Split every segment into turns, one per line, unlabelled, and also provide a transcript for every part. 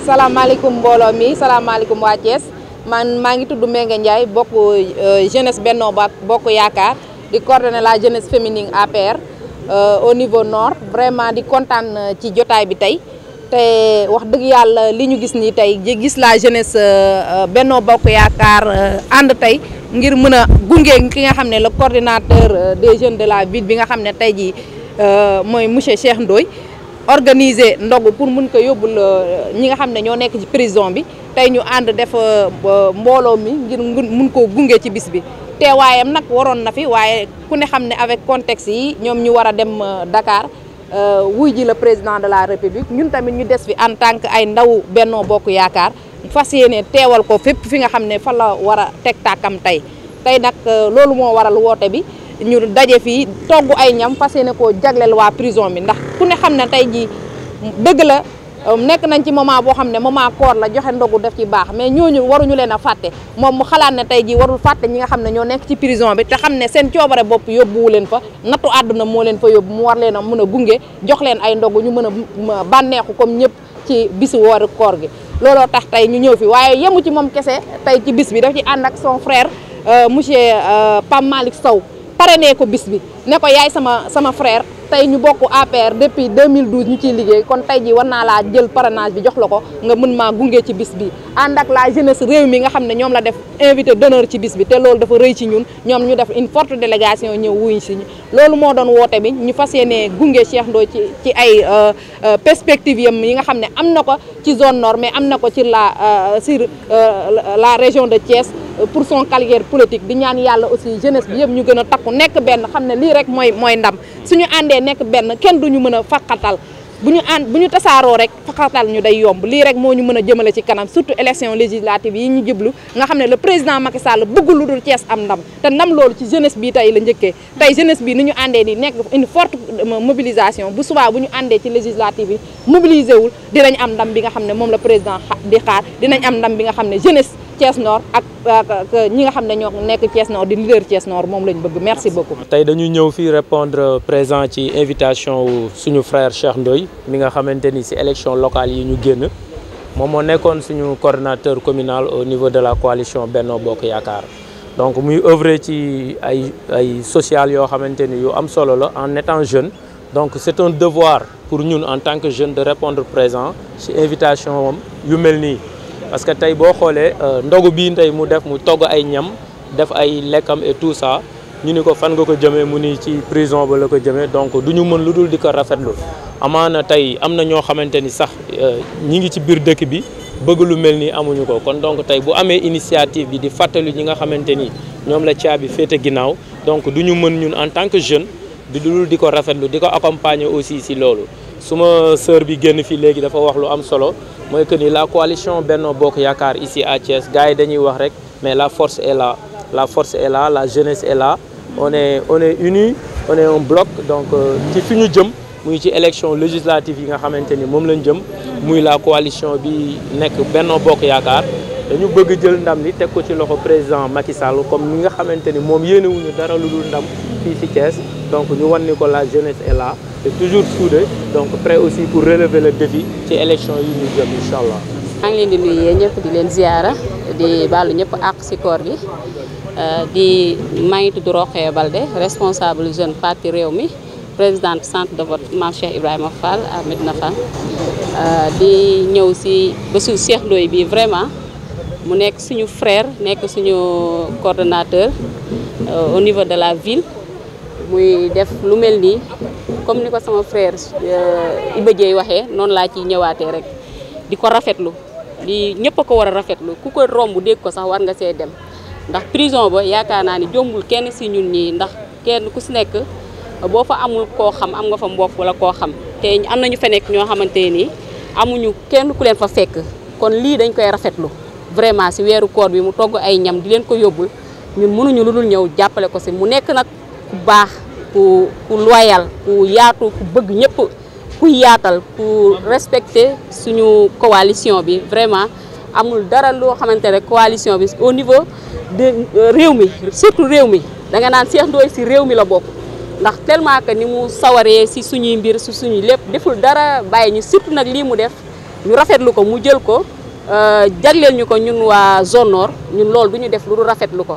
Assalamualaikum mbooloo mi salaamaaleykum wadies man mangi tuddu tudd ndjay Ndiaye bokk euh, jeunesse Benno Bokk yakar di coordonner la jeunesse féminine APR euh, au niveau nord vraiment di contane euh, ci jotay bi tay te wax deug yalla liñu gis ni tay gis la jeunesse Benno Bokk yakar and tay ngir meuna gungé gunge ki nga xamné le coordinateur des jeunes de la ville bi nga xamné tay ji moy monsieur Cheikh Ndoye organiser ndogu pour mun ko yóbbul euh, ñi nga xam ne ñoo nekk ci prison bi tey ñu ànd def euh, mbooloo mi ngir mun koo gunge ci bis bi teewaayam nag waroon na fi waaye ku ne xam ne avec contexte yi ñoom ñu war a dem euh, Dakar wuy ji la président de la République ñun tamit ñu des fi en tant que ay ndaw Benno Bokk Yaakaar fas yéene teewal ko fépp fi nga xam ne fa la war a teg tàkkam tey tey nag loolu moo waral woote bi ñu daje fii togg ay ñam fas yéene koo jagleel waa prison bi ndax xam ne tey jii dëgg la um, nekk nañ ci moment boo xam ne moment koor la joxe ndogu def ci baax mais ñooñu waruñu leen a fàtte moom mu xalaat ne tey jii warul fàtte ñi nga xam ne ñoo nekk ci prison bi te xam ne seen coobare bopp yóbbuwu leen fa nattu àdduna moo leen fa yóbbu mu war leen a mën a gunge jox leen ay ndogu ñu mën a bànneexu comme ñëpp ci bisu wooru koor gi looloo tax tey ñu ñëw fi waaye yemu ci moom kese tey ci bis bi daf ci ànd ak son frère euh, monsieur euh, Pape Malick Sow parrainé ko bis bi ne ko yaay sama sama frère tey ñu bokk APR depuis 2012 ñu ci liggéey kon tey ji war naa laa jël parrainage bi jox la ko nga mën maa gunge ci bis bi ànd ak la jeunesse réew mi nga xam ne ñoom la def invité d'honneur ci bis bi te loolu dafa rëy ci ñun ñoom ñu def une forte délégation ñëw wuyu si ñu loolu moo doon woote bi ñu fa yéenee gunge Cheikh Ndoye ci ci ay euh, euh, perspectives yam yi nga xam ne am na ko ci zone nord mais am na ko ci la euh, sur la région de Thiès pour son carrière politique di ñaan yàlla aussi jeunesse bi yëpp ñu gën a takku nekk lii rek moy moy ndam suñu àndee nek ben ken duñu mëna fakatal buñu and buñu tassaro rek fakatal ñu day yomb li rek moñu mëna jëmele ci kanam surtout élection législative yi ñu jiblu nga xamné ne le président Macky Sall bëggul lu dul Thiès am ndam té nam loolu ci jeunesse bi tay la ñëkke tay jeunesse bi ni ñu àndee ni nek une forte euh, mobilisation bu suba buñu andé ci législative yi mobiliser wul dinañ am ndam bi nga xamné ne la président di xaar dinañ am ndam bi nga xamné jeunesse Thiès Nord ak ñi ñoo Thiès Nord di leader Thiès Nord moom lañ bëgg merci beaucoup.
tey dañu ñëw répondre présent ci invitation wu suñu frère Cheikh Ndoye mi nga xamante ni si élection locale yi ñu génn moom moo suñu coordinateur communal au niveau de la coalition Benno Bokk Yakar. donc muy œuvrer ci ay ay social yoo xamante yu am solo la en étant jeune. donc c'est un devoir pour ñun en tant que jeune de répondre présent ci invitation moom yu parce que tay bo xolé euh, ndogu bi tay mu def mu togg ay ñam def ay lekkam et tout ça ñu ni ko fan nga ko jëmee mu ni ci prison ba la ko donc du mën lu rafetlu amana tay am na xamanteni sax euh, ñi ngi ci biir dëkk bi bëgg lu melni amuñu ko kon donc tay bu amé initiative bi di fàttali ñi nga xamanteni ñom ñoom la caabi donc du mën ñun en tant que jeune di luddul diko rafetlu diko accompagner aussi ci lolu suma sœur bi génn fi légui dafa wax lu am solo moy que ni la coalition Benno bok yakar ici à Thiès gars yi dañuy wax rek mais la force est là la force est là la jeunesse est là on est on est unis on est un bloc donc euh, ci fi jëm muy ci élection législative yi nga xamante mom moom lañ jëm muy la coalition bi nek Benno bok yakar dañu bëgg jël ndam li tek ko ci loxo président Macky Sall comme ni nga xamante mom moom yéenewuñu dara lu dul ndam fii ci Thiès donc ñu wone ko la jeunesse est là est toujours soudé donc prêt aussi pour relever le défi ci élection yi ñu jëm incha allah.
maa ngi des di nuyu ñëpp di leen ziara di baalu ñëpp àq si koor gi euh, di responsable jeune parti réew présidente centre de vote Mame Cheikh Ibrahima Fall à Medina Fall euh, di ñëw aussi bésu Cheikh bi vraiment mu nekk suñu frère nekk suñu coordinateur euh, au niveau de la ville. muy def lu mel nii comme ni ko sama frère euh, Iba Dieye waxee noonu laa ciy ñëwaatee rek di ko rafetlu di ñëpp ko war a rafetlu ku ko romb dégg ko sax war nga see dem ndax prison ba yaakaar naa ni jombul kenn si ñun nii ndax kenn ku si nekk boo fa amul koo xam am nga fa mbokk wala koo xam te am na ñu fa nekk ñoo xamante nii amuñu kenn ku leen fa fekk kon lii dañ koy rafetlu vraiment si weeru koor bi mu togg ay ñam di leen ko yóbbul ñun mënuñu lu dul ñëw jàppale ko si mu nekk nag baax ku ku loyal ku yaatu ku bëgg ñëpp ku yaatal ku respecter suñu coalition bi vraiment amul dara lo xamantene koalisi coalition bi au niveau de euh, réew mi surtout réew mi da nga naan Cheikh ndoy si réew mi la bok ndax tellement que ni mu sawaré si suñu mbir si suñu lepp deful dara baye ñu surtout nak li mu def ñu rafetlu ko mu jël ko euh ñu ko ñun wa zone nord ñun lool duñu def lu rafetlu ko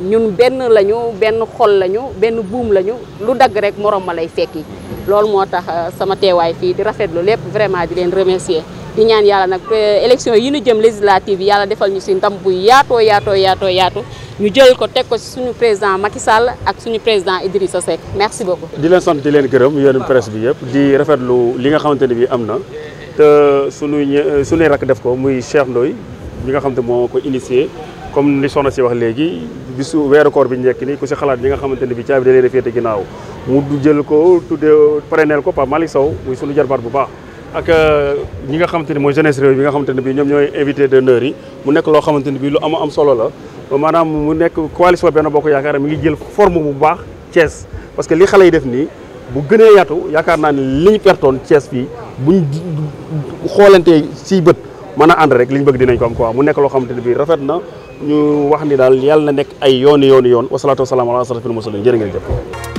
ñun benn lañu benn xol lañu benn buum lañu lu dagg rek moroom ma lay fekki loolu moo tax euh, sama teewaay fii di rafetlu lépp vraiment di leen remercier di ñaan yàlla nag euh, élection yi nu jëm législative yi yàlla defal ñu si ndam bu yaatoo yaatoo yaatoo yaatu ñu jël ko teg ko suñu président Macky Sall ak suñu président Idrissa Seck merci beaucoup. di
leen sant di leen gërëm yéen presse bi yëpp di rafetlu li nga xamante ne bii am na te suñu euh, suñuy rakk def ko muy Cheikh Ndoye bi nga xam moo ko initié comme léegi. bisu weeru koor bi ñek ni ku ci xalaat yi nga xamanteni ne bi caabi da leen a féete ginnaaw mu jël ko tuddee prénel ko pa Malick Sow muy sunu jarbar bu baax ak euh, ñi nga xamanteni moy jeunesse réew bi nga xamanteni bi ñom ñoy invité d'honneur yi mu nek lo xamanteni bi lu am am solo la manam mu nek coalition benn bokk yaakaar mi ngi jël forme bu baax Thiès parce que li xalé yi def ni bu gëné yatu yaakaar naa ne li Thiès buñ xolanté si bët mën a ànd rek li ñu bëgg dinañ ko am quoi mu nekk loo xamante ne rafet na ñu wax ni daal yàlla na nekk ay yooni yooni yoon wasalaatu wasalaam ala asrafil mursalin jërë ngeen jëf